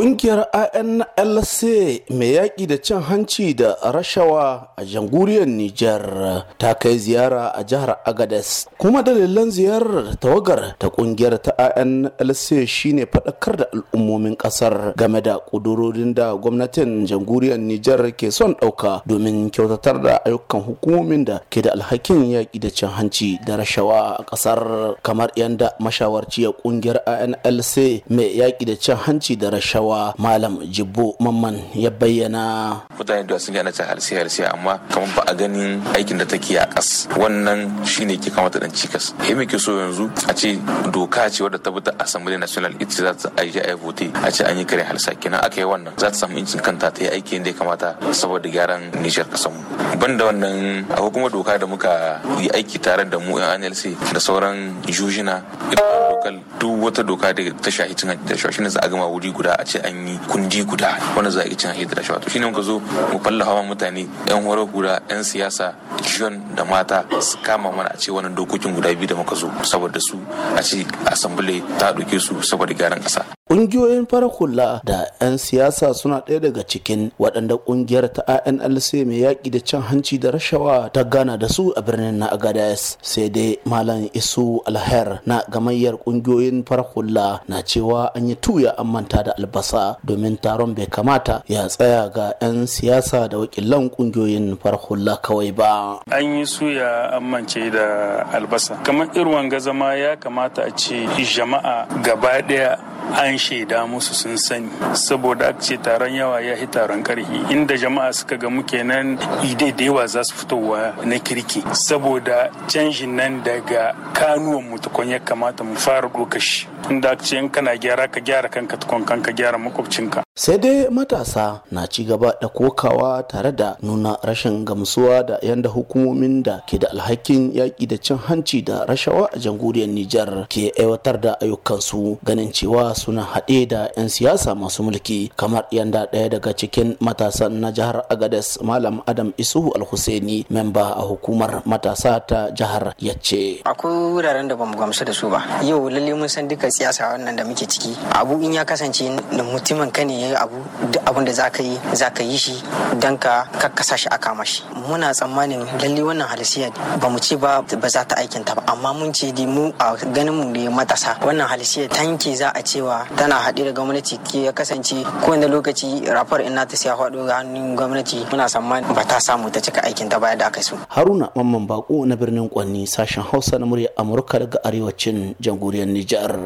Ƙungiyar INLC mai yaƙi da cin hanci da rashawa a jamhuriyar Nijar ta kai ziyara a jihar Agades. Kuma dalilan ziyarar tawagar ta ƙungiyar ta INLC shine faɗakar da al'ummomin ƙasar game da ƙudurorin da gwamnatin jamhuriyar Nijar ke son ɗauka domin kyautatar da ayyukan hukumomin da ke da alhakin yaƙi da cin hanci da rashawa a ƙasar kamar mashawarci ya ƙungiyar INLC mai yaƙi da cin hanci da rashawa cewa Malam Jibbo Mamman ya bayyana. Mutane da sun gane ta halsi halsi amma kamar ba a ganin aikin da take a kas wannan shine ke kamata dan cikas. Eh muke so yanzu a ce doka ce wadda ta buta Assembly National ita za ta aje a vote a ce an yi kare halsa kenan aka yi wannan za ta samu incin kanta ta yi aiki da ya kamata saboda gyaran Nijar kasan mu. Banda wannan akwai kuma doka da muka yi aiki tare da mu 'yan NLC da sauran jujina. lokal duk wata doka da ta shahi cin da shawashin za a gama wuri guda a ce an yi kundi guda wanda za a cin hanyar da rashawa to shine muka zo mu fallafa mutane yan horar hura yan siyasa jiyon da mata su kama mana a ce wannan dokokin guda biyu da muka zo saboda su a ce asambule ta ɗauke su saboda gyaran ƙasa Ƙungiyoyin farar da 'yan siyasa suna ɗaya daga cikin waɗanda ƙungiyar ta ANLC mai yaƙi da cin hanci da rashawa ta gana da su a birnin na Agadez. Sai dai Malam Isu Alher na gamayyar ƙungiyoyin farar hula na cewa an yi tuya an manta da albasa domin taron bai kamata ya tsaya ga 'yan siyasa da wakilan ƙungiyoyin farar hula kawai ba. An yi suya an mance da albasa. Kamar irin zama ya kamata a ce jama'a gaba ɗaya an shaida musu sun sani saboda aka ce taron yawa ya yi taron karhi inda jama'a suka ga muke nan idai da yawa za su fitowa na kirki saboda canjin nan daga kanuwan mu tukun ya kamata mu fara dokashi shi inda aka ce in kana gyara ka gyara kanka tukon kanka gyara makwabcinka sai dai matasa na ci gaba da kokawa tare da nuna rashin gamsuwa da yadda hukumomin da ke da alhakin yaƙi da cin hanci da rashawa a jamhuriyar nijar ke aiwatar da ayyukansu ganin cewa suna haɗe da 'yan siyasa masu mulki kamar yadda ɗaya daga cikin matasan na jihar agades malam adam isuhu Alhuseni memba a hukumar matasa ta jihar ya ce akwai wuraren da bamu gamsu da su ba yau lalle mun san duka siyasa wannan da muke ciki abu in ya kasance da mutumin kane yayi abu duk abin da zaka yi zaka yi shi dan ka kakkasa shi a kama shi muna tsammanin lalle wannan halisiya ba mu ce ba ba za ta aikin ta ba amma mun ce di mu a ganin mu ne matasa wannan halisiya tanki za a cewa tana haɗe da gwamnati ke ya kasance wanda lokaci rafar ina ta siya faɗo ga hannun gwamnati muna tsammanin ba ta samu ta cika aikin ta bayan da aka so haruna mamman bako na birnin kwanni sashen hausa na murya amurka daga arewacin jamhuriyar nijar